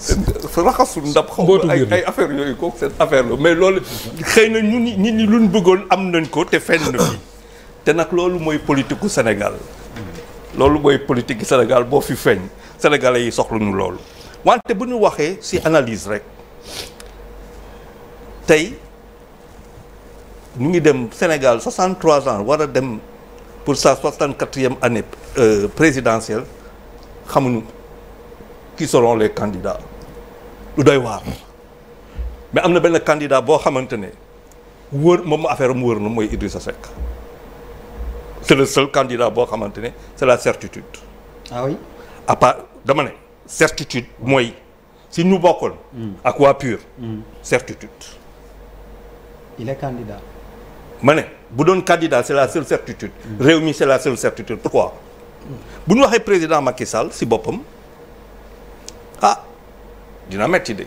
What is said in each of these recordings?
raxasul ndab xaw ay ay affaire yooyu kooku seen affaire la mais loolu xëy na ñun nit ñi luñ bëggoon am nañ ko te fenn fi te nag loolu mooy politique u Sénégal loolu mooy politique Sénégal boo fi feeñ sénégalais yi soxluñu loolu wante bu ñu waxee ci analyse rek tey ñu ngi dem Sénégal 63 ans war a dem pour sa 64e année euh, présidentielle xamuñu qui seront les candidats lu doy waar mais am na benn candidat boo xamante ne wóor moom affaire am wóor na mooy Idrissa Seck c'est le seul candidat boo xamante ne c'est la certitude. ah oui à part dama ne certitude mooy si ñu bokkoon. Hmm. ak waa PUR. Hmm. certitude. ma ne bu doon candidat c'est la seule certitude. Hmm. réew mi c'est la seule certitude quoi bu ñu waxee président Macky Sall si boppam ah, dina metti de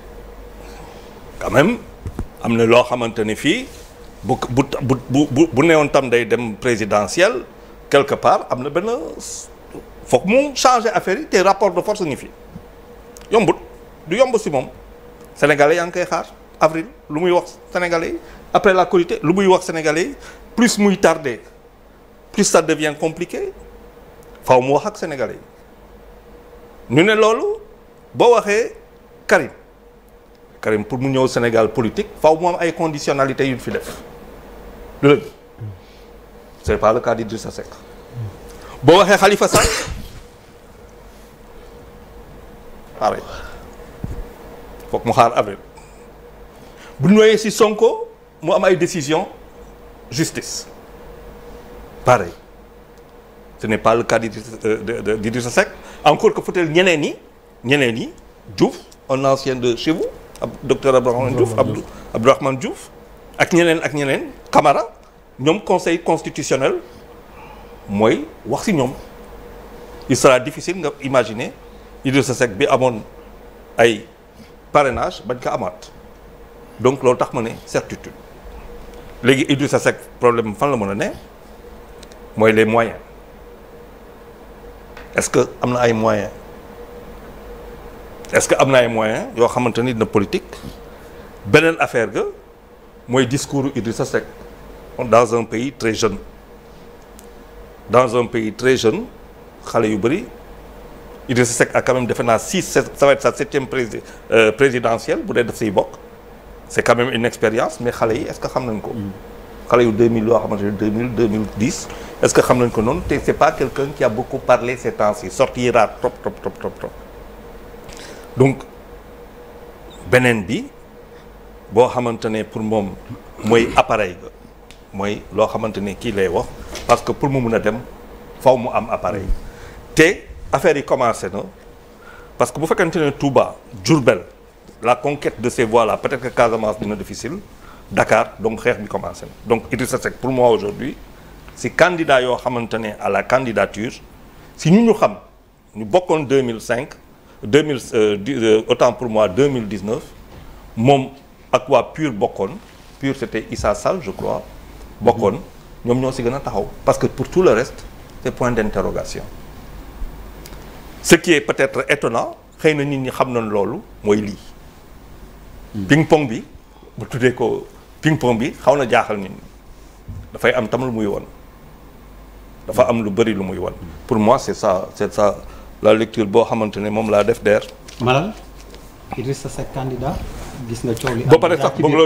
quand am na loo xamante ni fii bu bu bu bu bu newoon tam day dem présidentielle quelque part am na benn foog mu changer affaire te rapport de force ngi fii yombut du yomb si moom sénégalais yaa ngi koy xaar avril lu muy wax sénégalais yi après la Korité lu muy wax sénégalais yi plus muy tardé plus ça devient compliqué faaw mu wax ak sénégalais yi ñu ne loolu boo waxee. Karim Karim pour mu ñëw Sénégal politique faw mu am ay conditionnalité yu fi def du dëgg c'est pas le cas d'Idrissa Seck boo waxee xalifa Sall pareil foog mu xaar avril bu ñëwee si Sonko mu am ay décision justice pareil ce n'est pas le cas d'Idrissa euh, Seck encore que fotel ñeneen yi ñeneen yi Diouf un ancien de chez vous ab docteur Abdourahmane Diouf Abdou Abdourahmane Diouf ak ñeneen ak ñeneen Camara ñoom conseil constitutionnel mooy wax ci ñoom il sera difficile nga imaginer Idrissa Seck bi amoon ay parrainage bañ ko amaat donc loolu tax ma ne certitude léegi Idrissa Seck problème fan la mën a ne mooy les moyens est-ce que am na ay moyens est-ce que am na ay moyens yoo xamante ni dina politique beneen affaire ga mooy discours Idrissa Seck dans un pays très jeune dans un pays très jeune xale yu bëri Idrissa Seck a quand même defe naa six ça va être sa septième prési euh, présidentielle bu dee def siy bokk c'est quand même une expérience mais xale yi est-ce que xam nañ ko. xale yu 2000 yoo xamante ne 2000 2010 est-ce que xam nañ ko noonu te c'est pas quelqu'un qui a beaucoup parlé ces temps-ci sorti yi raar trop trop trop trop trop. donc beneen bi boo xamante ne pour moom mooy appareil ba mooy loo xamante ne kii lay wax parce que pour mu mun a dem faw mu am appareil te affaire yi commencé na parce que bu fekkente ne Touba Diourbel la conquête de ces voies là peut-être que Casamance dina difficile Dakar donc xeex bi commencé na donc Idrissa Seck pour moi aujourd'hui si candidat yoo xamante ne à la candidature si ñu ñu xam ñu bokkoon 2005 deux mille euh, euh, autant pour moi deux mille dix neuf moom ak waa PUR bokkoon PUR c' était Issa Sall crois bokkoon ñoom ñoo si gën a taxaw parce que pour tout le reste c' est point d' interrogation ce qui peut-être étonnant xëy na nit ñi xam na loolu mooy lii. Hmm. ping pong bi bu tuddee ko ping pong bi xaw na jaaxal nit ñi dafay am tam lu muy woon dafa am lu bëri lu muy woon pour moi c' est ça c' ça. la lecture boo xamante ne moom laa def der. Malal Idrissa Seck candidat gis nga coow li. ba pare